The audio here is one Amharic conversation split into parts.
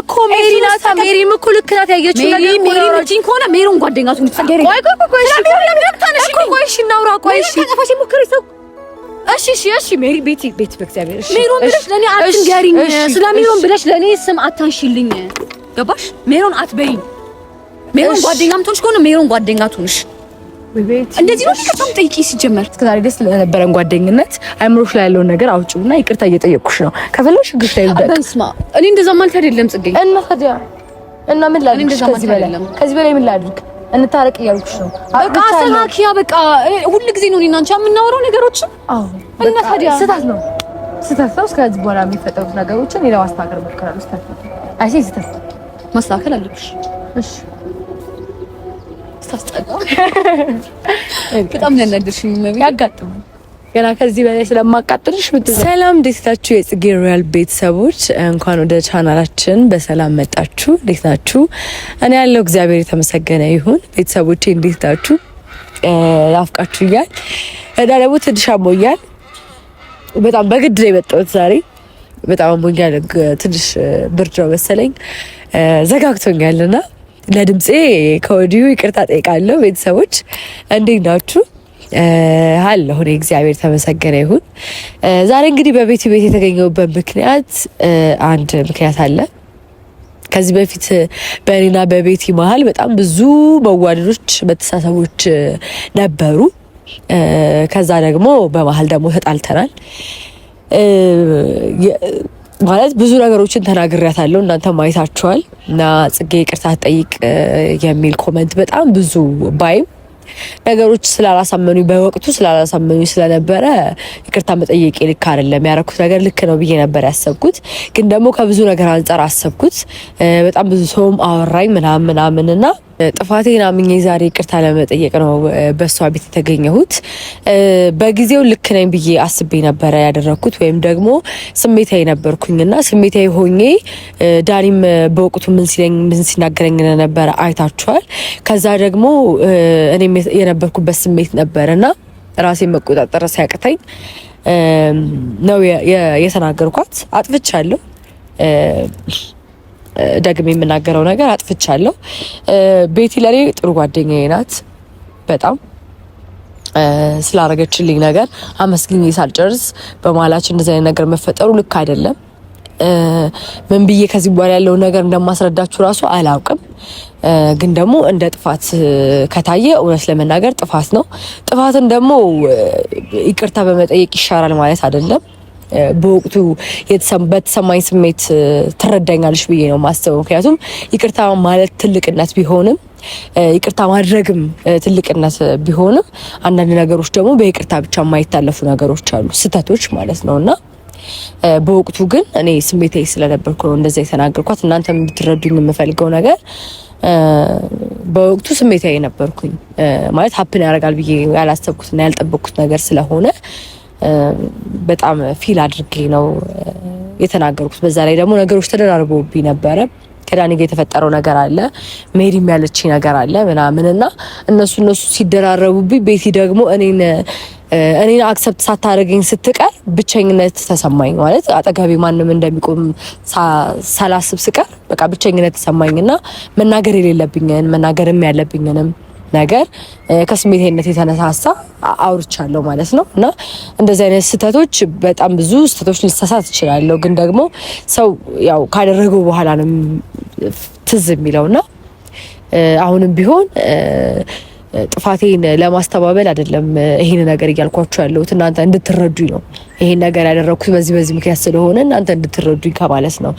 እኮ ሜሪ ናት። ሜሪም እኮ ልክ ናት። ያየችው ነገር ሜሪ ሜሪ ከሆነ ሜሮን ጓደኛቱ ትሁን። ቆይ ቆይ ቆይ፣ እሺ ቆይ፣ እሺ እናውራ። ቆይ እሺ፣ እኮ ቆይ፣ እሺ እናውራ። እሺ እሺ እሺ፣ ሜሪ ቤቲ ቤቲ፣ በእግዚአብሔር እሺ፣ ሜሮን ብለሽ ለኔ አትንገሪኝ። ስለ ሜሮን ብለሽ ለኔ ስም አታንሽልኝ። ገባሽ? ሜሮን አትበይኝ። ሜሮን ጓደኛም ትሆንሽ ከሆነ ሜሮን ጓደኛ ትሆንሽ እንደዚህ ነው ከቶም ጠይቂ። ሲጀመር እስከዛሬ ደስ ለነበረን ጓደኝነት አይምሮሽ ላይ ያለውን ነገር አውጪውና ይቅርታ እየጠየቅኩሽ ነው። ከፈለግሽ ግሽ ላይ ይውደቅ። እኔ እንደዛ ማለት አይደለም ጽጌ። እና ታዲያ እና ምን ላድርግ? ከዚህ በላይ ከዚህ በላይ ምን ላድርግ? እንታረቅ እያልኩሽ ነው። በቃ አስተካክያ። በቃ ሁል ጊዜ ነው እኔና አንቺ የምናወራው ነገሮች። እና ታዲያ ስህተት ነው ስህተት ነው። እስከዚህ በኋላ የሚፈጠሩት ነገሮችን ሌላ ማስተካከል እሞክራለሁ። ስህተት ነው። አይ ስህተት ማስተካከል አለብሽ። እሺ በጣም ያናደርሽኝ ገና ከዚህ በላይ ስለማቃጥልሽ ሰላም፣ እንዴት ናችሁ? የጽጌ ሮያል ቤተሰቦች እንኳን ወደ ቻናላችን በሰላም መጣችሁ። እንዴት ናችሁ? እኔ ያለው እግዚአብሔር የተመሰገነ ይሁን። ቤተሰቦቼ እንዴት ናችሁ? ናፍቃችሁኛል። እና ደግሞ ትንሽ አሞኛል። በጣም በግድ ነው የመጣሁት ዛሬ። በጣም አሞኛል። ትንሽ ብርድ ነው መሰለኝ ለድምፄ ከወዲሁ ይቅርታ ጠይቃለሁ። ቤተሰቦች እንዴት ናችሁ? አለ እኔ እግዚአብሔር ተመሰገነ ይሁን። ዛሬ እንግዲህ በቤቲ ቤት የተገኘሁበት ምክንያት አንድ ምክንያት አለ። ከዚህ በፊት በእኔና በቤቲ መሀል በጣም ብዙ መዋደዶች፣ መተሳሰቦች ነበሩ። ከዛ ደግሞ በመሀል ደግሞ ተጣልተናል። ማለት ብዙ ነገሮችን ተናግሬያታለሁ፣ እናንተ ማየታችኋል። እና ጽጌ ይቅርታ ጠይቅ የሚል ኮመንት በጣም ብዙ ባይም ነገሮች ስላላሳመኑ በወቅቱ ስላላሳመኑ ስለነበረ ይቅርታ መጠየቅ ልክ አይደለም ያረኩት ነገር ልክ ነው ብዬ ነበር ያሰብኩት። ግን ደግሞ ከብዙ ነገር አንጻር አሰብኩት። በጣም ብዙ ሰውም አወራኝ ምናምን ምናምን እና ጥፋቴን አምኜ ዛሬ ይቅርታ ለመጠየቅ ነው በእሷ ቤት የተገኘሁት። በጊዜው ልክ ነኝ ብዬ አስቤ ነበረ ያደረግኩት ወይም ደግሞ ስሜታዊ ነበርኩኝና ስሜታዊ ሆኜ ዳኒም በወቅቱ ምን ሲለኝ ምን ሲናገረኝ ነበረ አይታችኋል። ከዛ ደግሞ እኔም የነበርኩበት ስሜት ነበረና ራሴን መቆጣጠር ሲያቅተኝ ነው የተናገርኳት። አጥፍቻለሁ ደግሜ የምናገረው ነገር አጥፍቻለሁ። ቤቲ ለኔ ጥሩ ጓደኛዬ ናት። በጣም ስላረገችልኝ ነገር አመስግኝ ሳልጨርስ በመሀላችን እንደዚህ አይነት ነገር መፈጠሩ ልክ አይደለም። ምን ብዬ ከዚህ በኋላ ያለውን ነገር እንደማስረዳችሁ ራሱ አላውቅም። ግን ደግሞ እንደ ጥፋት ከታየ እውነት ለመናገር ጥፋት ነው። ጥፋትን ደግሞ ይቅርታ በመጠየቅ ይሻራል ማለት አይደለም። በወቅቱ በተሰማኝ ስሜት ትረዳኛለች ብዬ ነው ማስበው። ምክንያቱም ይቅርታ ማለት ትልቅነት ቢሆንም ይቅርታ ማድረግም ትልቅነት ቢሆንም አንዳንድ ነገሮች ደግሞ በይቅርታ ብቻ የማይታለፉ ነገሮች አሉ፣ ስህተቶች ማለት ነው እና በወቅቱ ግን እኔ ስሜታዊ ስለነበርኩ ነው እንደዛ የተናገርኳት። እናንተ እንድትረዱኝ የምፈልገው ነገር በወቅቱ ስሜታዊ ነበርኩኝ ማለት ሀፕን ያደርጋል ብዬ ያላሰብኩትና ያልጠበቅኩት ነገር ስለሆነ በጣም ፊል አድርጌ ነው የተናገርኩት። በዛ ላይ ደግሞ ነገሮች ተደራርበውብኝ ነበረ። ከዳኒ ጋር የተፈጠረው ነገር አለ፣ መሄድም ያለች ነገር አለ ምናምን እና እነሱ እነሱ ሲደራረቡብኝ ቤቲ ደግሞ እኔን እኔን አክሰፕት ሳታደርገኝ ስትቀር ብቸኝነት ተሰማኝ። ማለት አጠገቢ ማንም እንደሚቆም ሳላስብ ስቀር በቃ ብቸኝነት ተሰማኝና መናገር የሌለብኝን መናገርም ያለብኝንም ነገር ከስሜትነት የተነሳሳ አውርቻለሁ ማለት ነው። እና እንደዚህ አይነት ስህተቶች በጣም ብዙ ስህተቶች ልሳሳት እችላለሁ፣ ግን ደግሞ ሰው ያው ካደረገው በኋላ ነው ትዝ የሚለው እና አሁንም ቢሆን ጥፋቴን ለማስተባበል አይደለም ይሄን ነገር እያልኳችሁ ያለሁት እናንተ እንድትረዱኝ ነው። ይሄን ነገር ያደረኩት በዚህ በዚህ ምክንያት ስለሆነ እናንተ እንድትረዱኝ ከማለት ነው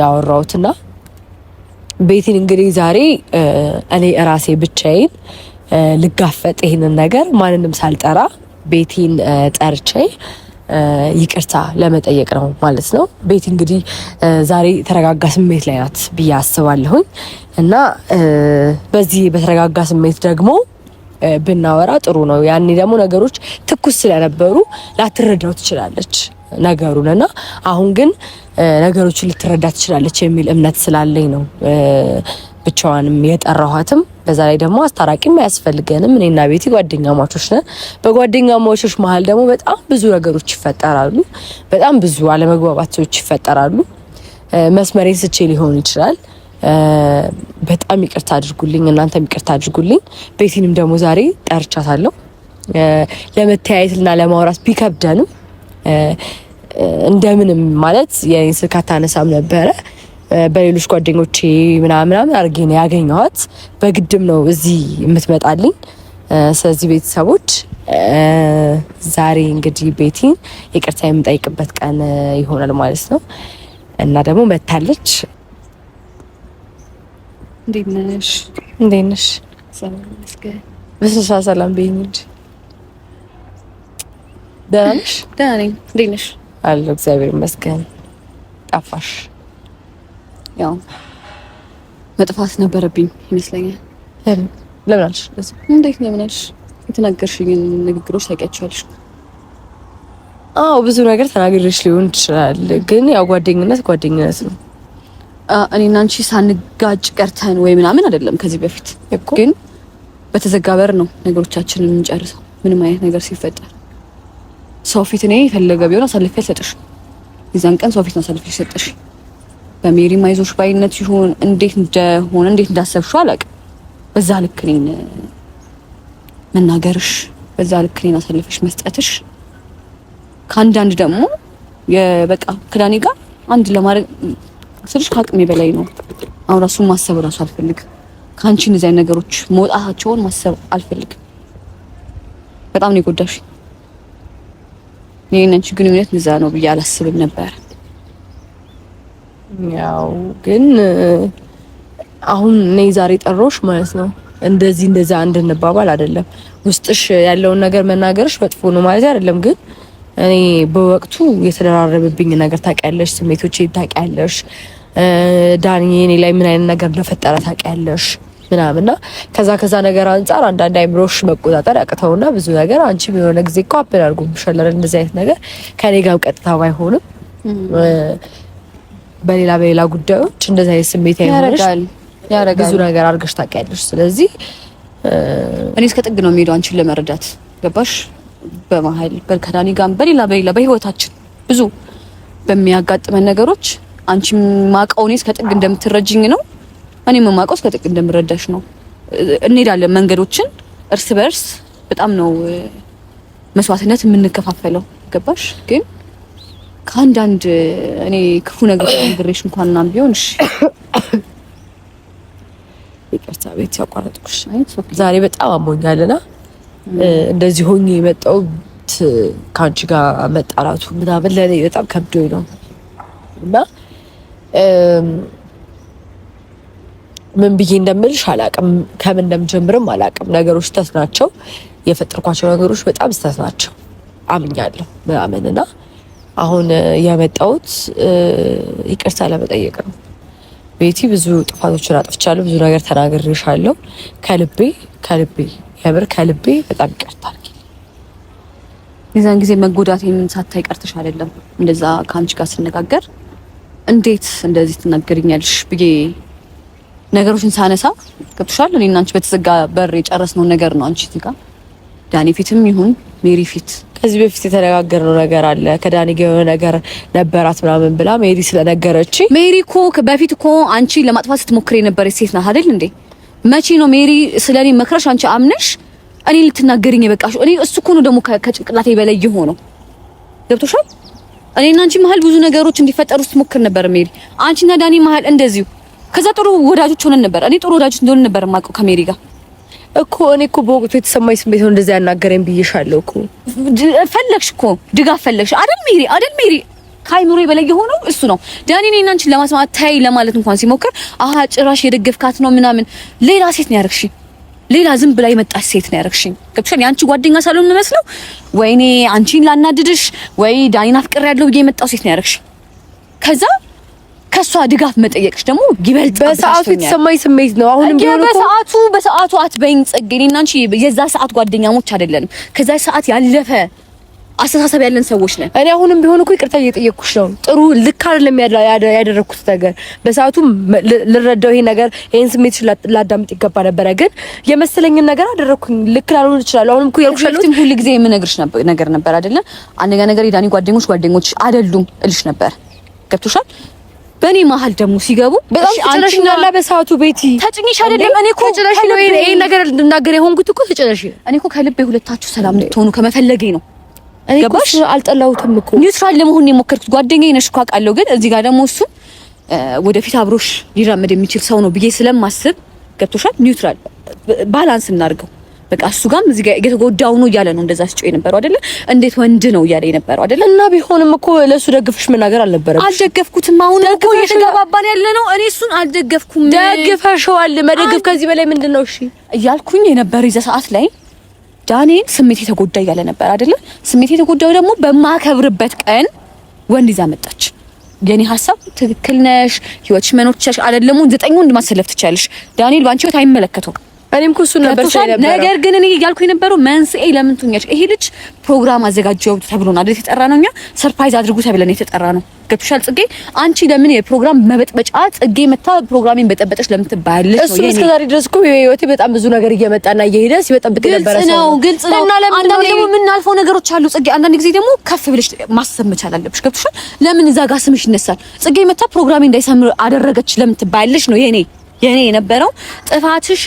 ያወራሁትና ቤቲን እንግዲህ ዛሬ እኔ እራሴ ብቻዬን ልጋፈጥ ይህንን ነገር ማንንም ሳልጠራ ቤቴን ጠርቼ ይቅርታ ለመጠየቅ ነው ማለት ነው። ቤቲ እንግዲህ ዛሬ የተረጋጋ ስሜት ላይ ናት ብዬ አስባለሁኝ እና በዚህ በተረጋጋ ስሜት ደግሞ ብናወራ ጥሩ ነው። ያኔ ደግሞ ነገሮች ትኩስ ስለነበሩ ላትረዳው ትችላለች። ነገሩን እና አሁን ግን ነገሮችን ልትረዳ ትችላለች የሚል እምነት ስላለኝ ነው ብቻዋንም የጠራኋትም። በዛ ላይ ደግሞ አስታራቂም አያስፈልገንም። እኔና ቤቲ ጓደኛ ማቾች ነን። በጓደኛ ማቾች መሀል ደግሞ በጣም ብዙ ነገሮች ይፈጠራሉ። በጣም ብዙ አለመግባባቶች ይፈጠራሉ። መስመሬን ስቼ ሊሆን ይችላል። በጣም ይቅርታ አድርጉልኝ፣ እናንተም ይቅርታ አድርጉልኝ። ቤቲንም ደግሞ ዛሬ ጠርቻታለሁ ለመተያየትና ለማውራት ቢከብደንም እንደምንም ማለት የኔን ስልክ አታነሳም ነበረ። በሌሎች ጓደኞቼ ምናምናምን አድርጌ ነው ያገኘኋት። በግድም ነው እዚህ የምትመጣልኝ። ስለዚህ ቤተሰቦች ዛሬ እንግዲህ ቤቲን ይቅርታ የምጠይቅበት ቀን ይሆናል ማለት ነው እና ደግሞ መታለች። እንዴት ነሽ? እንዴት ነሽ? ሰላም ሰላም። ደህና ነሽ? ደህና ነኝ። እንዴት ነሽ? አለሁ እግዚአብሔር ይመስገን። ጠፋሽ። ያው መጥፋት ነበረብኝ ይመስለኛል። ለምን አልሽ? እንዴት ለምን አልሽ? የተናገርሽኝን ንግግሮች ታውቂያቸዋለሽ። አዎ ብዙ ነገር ተናግሬሽ ሊሆን ይችላል፣ ግን ያው ጓደኝነት ጓደኝነት ነው። እኔና አንቺ ሳንጋጭ ቀርተን ወይ ምናምን አይደለም። ከዚህ በፊት ግን በተዘጋ በር ነው ነገሮቻችንን የምንጨርሰው ምንም አይነት ነገር ሲፈጠር ሰው ፊት እኔ የፈለገ ቢሆን አሳልፌ አልሰጥሽም። የዛን ቀን ሰው ፊት ነው አሳልፌ ሰጥሽ። በሜሪ ማይዞሽ ባይነት ይሁን እንዴት እንደሆነ እንዴት እንዳሰብሽው አላውቅም። በዛ ልክ እኔን መናገርሽ፣ በዛ ልክ እኔን አሳልፈሽ መስጠትሽ ከአንዳንድ ደግሞ የበቃ ክዳኔ ጋር አንድ ለማድረግ ስልሽ ከአቅሜ በላይ ነው። አሁን ራሱ ማሰብ ራሱ አልፈልግም። ከአንቺ እነዚህ ነገሮች መውጣታቸውን ማሰብ አልፈልግም። በጣም ነው የጎዳሽ። የእናንቺ ግንኙነት ምዛ ነው ብዬ አላስብም ነበር። ያው ግን አሁን እኔ ዛሬ ጠሮሽ ማለት ነው እንደዚህ እንደዛ እንድንባባል አይደለም። ውስጥሽ ያለውን ነገር መናገርሽ መጥፎ ነው ማለት አይደለም። ግን እኔ በወቅቱ የተደራረበብኝ ነገር ታውቂያለሽ፣ ስሜቶቼ ታውቂያለሽ፣ ዳኒ እኔ ላይ ምን አይነት ነገር እንደፈጠረ ታውቂያለሽ። ምናምንና ከዛ ከዛ ነገር አንጻር አንዳንድ አይምሮሽ መቆጣጠር ያቅተውና ብዙ ነገር አንቺ የሆነ ጊዜ እኮ አፕል አድርጎብሻል። እንደዚህ አይነት ነገር ከኔ ጋር ቀጥታ ባይሆንም በሌላ በሌላ ጉዳዮች እንደዚህ አይነት ስሜት ያይሆናል ያረጋል ብዙ ነገር አድርገሽ ታውቂያለሽ። ስለዚህ እኔ እስከ ጥግ ነው የሚሄደው አንቺን ለመረዳት ገባሽ። በመሀል በከዳኒ ጋር በሌላ በሌላ በህይወታችን ብዙ በሚያጋጥመን ነገሮች አንቺ ማቀውኔ እስከ ጥግ እንደምትረጅኝ ነው እኔ የማውቀው እስከ ጥቅ እንደምረዳሽ ነው። እንሄዳለን መንገዶችን እርስ በርስ በጣም ነው መስዋዕትነት የምንከፋፈለው። ገባሽ? ግን ከአንዳንድ እኔ ክፉ ነገር ነግሬሽ እንኳን ምናምን ቢሆን እሺ። ይቅርታ ቤት ያቋረጥኩሽ። ዛሬ በጣም አሞኛልና እንደዚህ ሆኜ የመጣሁት ከአንቺ ጋር መጣራቱ ምናምን ለእኔ በጣም ከብዶኝ ነው እና ምን ብዬ እንደምልሽ አላቅም። ከምን እንደምጀምርም አላቅም። ነገሮች ስተት ናቸው። የፈጠርኳቸው ነገሮች በጣም ስተት ናቸው አምኛለሁ ምናምን እና አሁን የመጣሁት ይቅርታ ለመጠየቅ ነው። ቤቲ ብዙ ጥፋቶችን አጥፍቻለሁ። ብዙ ነገር ተናግሬሻለሁ። ከልቤ ከልቤ የምር ከልቤ በጣም ይቅርታ የዛን ጊዜ መጎዳት ምን ሳታይ ቀርተሽ አይደለም። እንደዛ ከአንቺ ጋር ስነጋገር እንዴት እንደዚህ ትናገርኛለሽ ብዬ ነገሮችን ሳነሳ ገብቶሻል። እኔ እና አንቺ በተዘጋ በር የጨረስነውን ነገር ነው። አንቺ ጋር ዳኒ ፊትም ይሁን ሜሪ ፊት ከዚህ በፊት የተነጋገርነው ነገር አለ። ከዳኒ ጋር የሆነ ነገር ነበራት ምናምን ብላ ሜሪ ስለነገረች ሜሪ እኮ በፊት እኮ አንቺ ለማጥፋት ስትሞክር የነበረች ሴት ናት አይደል እንዴ? መቼ ነው ሜሪ ስለኔ መክረሽ አንቺ አምነሽ እኔ ልትናገሪኝ የበቃሽ? እኔ እሱ እኮ ነው ደግሞ ከጭንቅላቴ በላይ የሆነው ገብቶሻል። እኔና አንቺ መሀል ብዙ ነገሮች እንዲፈጠሩ ስትሞክር ነበር ሜሪ። አንቺና ዳኒ መሀል እንደዚሁ ከዛ ጥሩ ወዳጆች ሆነን ነበር። እኔ ጥሩ ወዳጆች እንደሆነ ነበር የማውቀው ከሜሪ ጋር እኮ እኔ እኮ በወቅቱ የተሰማኝ ስሜት ነው እንደዚህ ያናገረኝ ብዬሻለሁ እኮ። ፈለግሽ እኮ ድጋፍ ፈለግሽ አይደል ሜሪ? አይደል ሜሪ? ከአይምሮ በላይ የሆነው እሱ ነው። ዳኒ እኔ እናንቺን ለማስማት ታይ ለማለት እንኳን ሲሞክር አሀ ጭራሽ የደገፍካት ነው ምናምን። ሌላ ሴት ነው ያደረግሽኝ። ሌላ ዝም ብላ የመጣች ሴት ነው ያደረግሽኝ። ገብቶሻል? የአንቺ ጓደኛ ሳልሆን የምመስለው ወይኔ አንቺን ላናድድሽ ወይ ዳኒን አፍቅሬያለሁ ብዬ የመጣው ሴት ነው ያደረግሽኝ ከዛ ከሷ ድጋፍ መጠየቅሽ ደግሞ ይበልጥ በሰዓቱ የተሰማኝ ስሜት ነው። አሁንም ቢሆን በሰዓቱ በሰዓቱ አትበይኝ ጽጌ። እኔና አንቺ የዛ ሰዓት ጓደኛሞች አይደለንም። ከዛ ሰዓት ያለፈ አስተሳሰብ ያለን ሰዎች ነን። እኔ አሁንም ቢሆን እኮ ይቅርታ እየጠየቅኩሽ ነው። ጥሩ ልክ አይደለም ያደረኩት ነገር። በሰዓቱ ልረዳው ይሄ ነገር ይሄን ስሜት ላዳምጥ ይገባ ነበረ፣ ግን የመሰለኝን ነገር አደረኩኝ። ልክ ላልሆን ይችላል። አሁንም እኮ ያልኩሽልትም ሁሉ ጊዜ የምነግርሽ ነገር ነበር አይደለ? አንደኛ ነገር የዳኒ ጓደኞች ጓደኞች አይደሉም እልሽ ነበር። ገብቶሻል? በእኔ መሀል ደግሞ ሲገቡ በጣም ተጨረሽናላ። በሰዓቱ ቤቲ ተጭኝሽ አይደለም። እኔ እኮ ተጨረሽ ነው ይሄ ነገር እንድናገር የሆንኩት እኮ ተጨረሽ። እኔ እኮ ከልቤ ሁለታችሁ ሰላም ልትሆኑ ከመፈለጌ ነው። እኔ እኮ አልጠላሁትም እኮ ኒውትራል ለመሆን የሞከርኩት ጓደኛዬ ነሽ እኮ አውቃለሁ። ግን እዚህ ጋር ደግሞ እሱ ወደፊት አብሮሽ ሊራመድ የሚችል ሰው ነው ብዬ ስለማስብ ገብቶሻል። ኒውትራል ባላንስ እናድርገው። በቃ እሱ ጋም እዚህ ጋር የተጎዳው ነው እያለ ነው እንደዛ ስጮ የነበረው አይደለ? እንዴት ወንድ ነው እያለ የነበረው አይደለ? እና ቢሆንም እኮ ለሱ ደግፈሽ መናገር አልነበረም። አልደገፍኩትም። አሁን እኮ እየተገባባን ያለ ነው። እኔ እሱን አልደገፍኩም። ደግፈሽዋል። መደገፍ ከዚህ በላይ ምንድን ነው? እሺ እያልኩኝ የነበረው ይዘ ሰዓት ላይ ዳንኤል ስሜት የተጎዳ እያለ ነበር አይደለ? ስሜት የተጎዳው ደግሞ በማከብርበት ቀን ወንድ ይዛ መጣች። የኔ ሀሳብ ትክክል ነሽ፣ ህይወትሽ መኖር ትችያለሽ። አይደለም ዘጠኝ ወንድ ማሰለፍ ትችያለሽ። ዳንኤል ባንቺ ህይወት አይመለከተውም። እኔም እኮ እሱን ነበር ሳይ ነበር። ነገር ግን እኔ እያልኩ የነበረው መንስኤ ለምን ትኛች ይሄ ልጅ ፕሮግራም አዘጋጀው ተብሎ ነው አይደል የተጠራ ነው። እኛ ሰርፕራይዝ አድርጉ ተብለን የተጠራ ነው። ገብቶሻል ጽጌ? አንቺ ለምን የፕሮግራም መበጥበጫ ጽጌ መታ ፕሮግራሜን በጠበጠች ለምን ትባያለሽ? እሱ እስከ ዛሬ ድረስ እኮ ህይወቴ በጣም ብዙ ነገር እየመጣና እየሄደ ሲበጠብቅ ነበር። ግልጽ ነው፣ ግልጽ ነው። እና ለምን አንዳንዴ ደግሞ የምናልፈው ነገሮች አሉ ጽጌ። አንዳንድ ጊዜ ደግሞ ከፍ ብለሽ ማሰብ መቻል አለብሽ። ገብቶሻል? ለምን እዛ ጋር ስምሽ ይነሳል? ጽጌ መታ ፕሮግራሜ እንዳይሰምር አደረገች ለምን ትባያለሽ ነው የኔ የኔ የነበረው ጥፋትሽ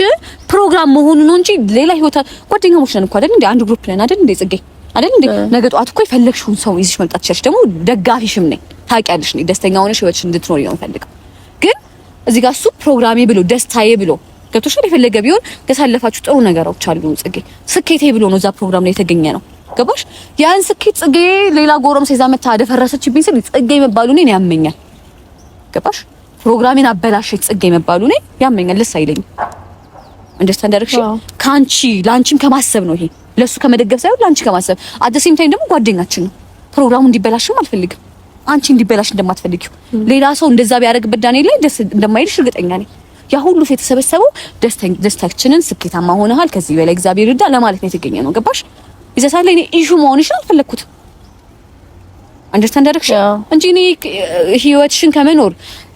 ፕሮግራም መሆኑ ነው እንጂ ሌላ ህይወት። ጓደኛሞች ነን እኮ አይደል እንዴ? አንድ ግሩፕ ነን አይደል እንዴ? ጽጌ አይደል እንዴ? ነገ ጠዋት እኮ የፈለግሽውን ሰው ይዘሽ መምጣት ትችያለሽ። ደግሞ ደጋፊሽም ነኝ ታውቂያለሽ። ነኝ ደስተኛ ሆነሽ ህይወትሽ እንድትኖሪ ነው የምፈልገው። ግን እዚህ ጋር እሱ ፕሮግራሜ ብሎ ደስታዬ ብሎ ገብቶሽ የፈለገ ቢሆን ያሳለፋችሁ ጥሩ ነገሮች አሉ። ጽጌ ስኬቴ ብሎ ነው እዛ ፕሮግራም ላይ የተገኘ ነው። ገባሽ? ያን ስኬት ጽጌ ሌላ ጎረምሳ ይዛ መታ ደፈረሰችብኝ ስል ጽጌ መባሉ እኔን ያመኛል። ገባሽ? ፕሮግራሜን አበላሸች ጽጌ የመባሉ እኔ ያመኛል። ደስ አይለኝ አንደርስታንድ አደረግሽ። ከአንቺ ለአንቺም ከማሰብ ነው ይሄ ለሱ ከመደገፍ ሳይሆን ለአንቺ ከማሰብ አደ ዘ ሴም ታይም ደግሞ ጓደኛችን ነው። ፕሮግራሙ እንዲበላሽም አልፈልግም። አንቺ እንዲበላሽ እንደማትፈልጊው ሌላ ሰው እንደዛ ቢያደርግበት ዳንኤል ላይ ደስ እንደማይልሽ እርግጠኛ ነኝ። ያ ሁሉ የተሰበሰበው ደስታችንን ስኬታማ ሆነሃል፣ ከዚህ በላይ እግዚአብሔር ይርዳ ለማለት ነው የተገኘ ነው። ገባሽ? ይዘሳ ላይ እኔ ኢሹ መሆንሽን አልፈለግኩትም። አንደርስታንድ አደረግሽ እንጂ እኔ ህይወትሽን ከመኖር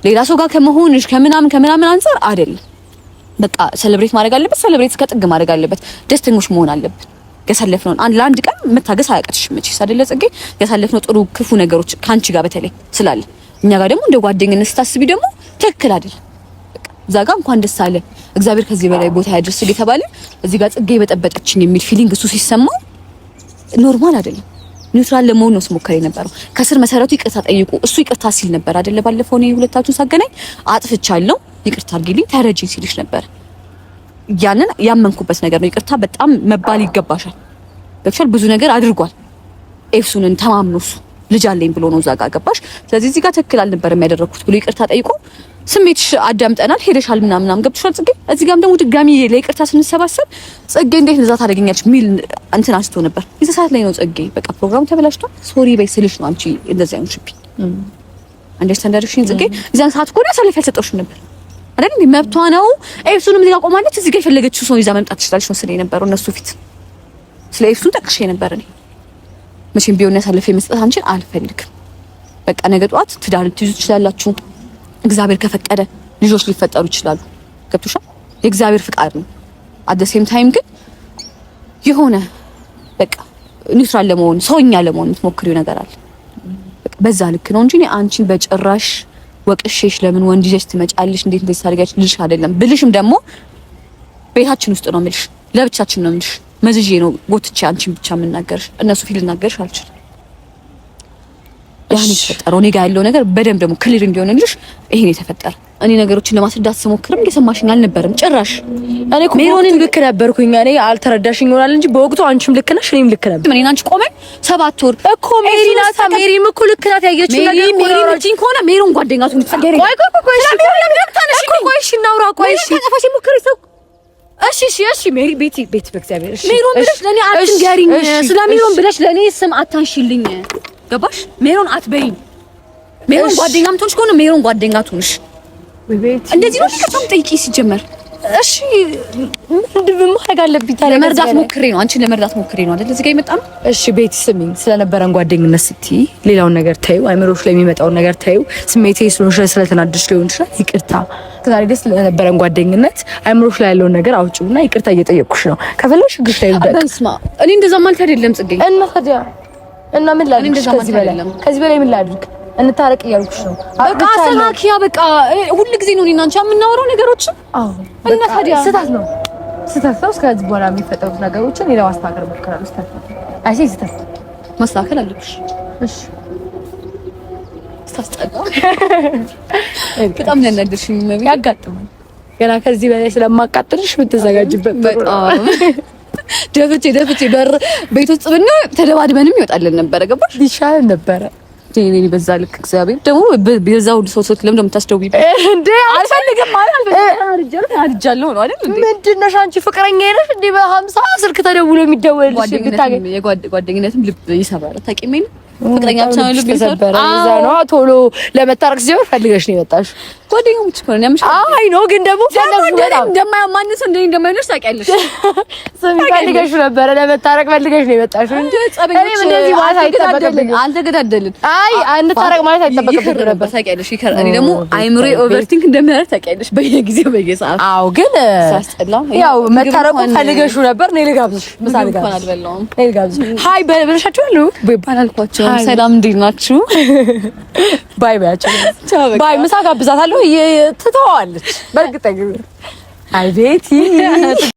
ሌላ ሰው ጋር ከመሆንሽ ከምናምን ከምናምን አንፃር አይደል። በቃ ሴሌብሬት ማድረግ አለበት። ሴሌብሬት ከጥግ ማድረግ አለበት። ደስተኞች መሆን አለብን። ያሳለፍነውን አንድ ለአንድ ቀን መታገስ አያቀትሽም መቼስ አይደለ ጽጌ? ያሳለፍነው ጥሩ ክፉ ነገሮች ካንቺ ጋር በተለይ ስላለ እኛ ጋር ደግሞ እንደ ጓደኝነት ስታስቢ ደግሞ ትክክል አይደል። እዛ ጋር እንኳን ደስ አለ እግዚአብሔር ከዚህ በላይ ቦታ ያድርስ የተባለ እዚህ ጋር ጽጌ በጠበጠችን የሚል ፊሊንግ እሱ ሲሰማው ኖርማል አይደለም። ኒውትራል ለመሆን ነው ስሞከር የነበረው። ከስር መሰረቱ ይቅርታ ጠይቁ። እሱ ይቅርታ ሲል ነበር አይደለ? ባለፈው ነው ሁለታችሁን ሳገናኝ አጥፍቻለሁ፣ ይቅርታ አድርጊልኝ፣ ተረጂኝ ሲልሽ ነበር። ያንን ያመንኩበት ነገር ነው። ይቅርታ በጣም መባል ይገባሻል። ገብቶሻል? ብዙ ነገር አድርጓል። ኤፍሱንን ተማምኖ እሱ ልጅ አለኝ ብሎ ነው እዛ ጋር ገባሽ። ስለዚህ እዚህ ጋር ትክክል አልነበረም ያደረኩት ብሎ ይቅርታ ጠይቆ ስሜትሽ አዳምጠናል፣ ሄደሻል፣ ምናምናም ገብቶሻል ጽጌ። እዚህ ጋም ደግሞ ድጋሚ ለይቅርታ ስንሰባሰብ ጽጌ እንዴት ንዛት አደገኛች ሚል እንትን አንስቶ ነበር። የዛ ሰዓት ላይ ነው ጽጌ በቃ ፕሮግራሙ ተበላሽቷል፣ ሶሪ በይ ስልሽ ነው አንቺ እንደዚህ አይነት ሽፒ አንደርስታንዳርሽን ጽጌ። እዚያን ሰዓት እኮ አሳልፌ አልሰጠሁሽም ነበር አይደል? እንደ መብቷ ነው። ኤፍሱንም እዚህ ጋር ቆማለች፣ እዚህ ጋር የፈለገችው ሰው ይዛ መምጣት ትችላለች ነው ስለ የነበረው እነሱ ፊት ስለ ኤፍሱን ጠቅሼ ነበር። እኔ መቼም ቢሆን ያሳልፌ መስጠት አንቺን አልፈልግም። በቃ ነገ ጠዋት ትዳር ልትይዙ ትችላላችሁ እግዚአብሔር ከፈቀደ ልጆች ሊፈጠሩ ይችላሉ። ገብቶሻል? የእግዚአብሔር ፍቃድ ነው። አደ ሴም ታይም ግን የሆነ በቃ ኒውትራል ለመሆን ሰውኛ ለመሆን የምትሞክሪው ነገር አለ። በዛ ልክ ነው እንጂ አንቺን በጭራሽ ወቅሽሽ ለምን ወንድ ይዘሽ ትመጫለሽ? እንዴት እንደዚህ ታደርጊያለሽ? ልልሽ አይደለም ብልሽም ደግሞ ቤታችን ውስጥ ነው የምልሽ፣ ለብቻችን ነው የምልሽ። መዝዤ ነው ጎትቼ አንቺን ብቻ የምናገርሽ። እነሱ ፊት ልናገርሽ አልችልም። ያን የተፈጠረው እኔ ጋር ያለው ነገር በደንብ ደግሞ ክሊር እንዲሆን እንዲሆንልሽ ይሄን የተፈጠረ እኔ ነገሮችን ለማስረዳት ስሞክርም እየሰማሽኝ አልነበርም ጭራሽ። እኔ እኮ ሜሮንን ልክ ነበርኩኝ። እኔ አልተረዳሽኝ ይሆናል እንጂ በወቅቱ አንቺም ልክ ነሽ፣ እኔም ልክ ነበር። እኔና አንቺ ቆመን ሰባት ወር እኮ ሜሪም እኮ ልክ ናት። ያየችው ነገር ሜሪ ከሆነ ሜሮን ጓደኛ ትሁን። ተገሪ ቆይ ቆይ ቆይ ቆይ እሺ፣ እናውራ። ቆይ እሺ፣ ተጠፋሽ ሞክሪ ሰው እሺ እሺ እሺ ሜሪ ቤት ቤት በእግዚአብሔር እሺ፣ ሜሮን ብለሽ ለኔ አትንገሪኝ። ስለሜሮን ብለሽ ለኔ ስም አታንሽልኝ። ገባሽ? ሜሮን አትበይኝ። ሜሮን ጓደኛ ምትሆንሽ ከሆነ ሜሮን ጓደኛ ትሆንሽ። እንደዚህ ነው ከቶም ጠይቂ ሲጀመር። እሺ ምንድን ማድረግ አለብኝ ታዲያ? ለመርዳት ሞክሬ ነው አንቺን ለመርዳት ሞክሬ ነው አይደል እዚህ ጋር የመጣ ነው። እሺ ቤቲ ስሚኝ፣ ስለነበረን ጓደኝነት ስትይ ሌላውን ነገር ታዩ፣ አይምሮሽ ላይ የሚመጣውን ነገር ታዩ። ስሜቴ ስለሆንሽ ስለተናደድሽ ሊሆን ይችላል። ይቅርታ ከዛሬ ደስ ስለነበረን ጓደኝነት አይምሮሽ ላይ ያለውን ነገር አውጪውና ይቅርታ እየጠየቅኩሽ ነው። ከፈለግሽ ግሽ ላይ ይደቅ። እኔ እንደዛ ማለት አይደለም ጽጌ እና ታዲያ እና ምን ላድርግሽ? ከዚህ በላይ ከዚህ በላይ ምን ላድርግ? እንታረቅ እያልኩሽ ነው። በቃ አስተካክያ በቃ ሁሉ ጊዜ ነው እኔና አንቺ የምናወራው ነገሮች። አዎ እና ታዲያ ስታት ነው ስታት ነው። እስከዚህ በኋላ የሚፈጠሩት ነገሮችን እኔ ለማስተካከል እሞክራለሁ። ስህተት ነው። አይ ስታት ማስተካከል አለብሽ። እሺ ስታስጠጋ በጣም ያናደርሽኝ ነው ያጋጥማል። ገና ከዚህ በላይ ስለማቃጥልሽ ብትዘጋጅበት በጣም ደፍቼ ደፍቼ በር ቤት ውስጥ ብና ተደባድበንም ይወጣልን ነበረ። ገባሽ ይሻል ነበረ። እኔ በዛ ልክ እግዚአብሔር ደግሞ በዛው ሁሉ ሰው ሰው ለምን የምታስደውይ እንዴ? አልፈልግም ማለት አልጃለሁ ነው አይደል? እንዴ? ነሽ አንቺ ፍቅረኛ የለሽ እንዴ? በሀምሳ ስልክ ተደውሎ የሚደወልልሽ ብታገኝ ጓደኝነትም ልብ ይሰበራል። ታውቂው ፍቅረኛ ብቻ ነው ልብ ይሰበረ እዛ ነው ቶሎ ለመታረቅ ሲጀምር ፈልገሽ ነው የመጣሽ። ጓደኛሞች እኮ ነን። አይ ነው ግን ደግሞ እንደማያማንስ እንደማይሆንሽ ታውቂያለሽ ፈልገሽ ነበረ ለመታረቅ ፈልገሽ ነው የመጣሽው እንጂ እኔም እንደዚህ ማለት አይጠበቅብኝ። አልተገዳደልን። አይ እንታረቅ ማለት አይጠበቅብኝ ነበር። ታውቂያለሽ፣ እኔ ደግሞ አይምሮ ኦቨርቲንክ እንደሚያደርግ ታውቂያለሽ፣ በየጊዜው በየሰዓቱ። አዎ፣ ግን ያው መታረቁ ፈልገሽ ነበር። እኔ ልጋብዝሽ፣ ምሳ ልጋብዝሽ። ሀይ ብለሻቸዋል። አልኳቸው ሰላም፣ እንዴት ናችሁ? ባይ በያቸው። ባይ ምሳ ጋብዛታለሁ። ትተዋለች በእርግጠኝነት። አይ ቤቲ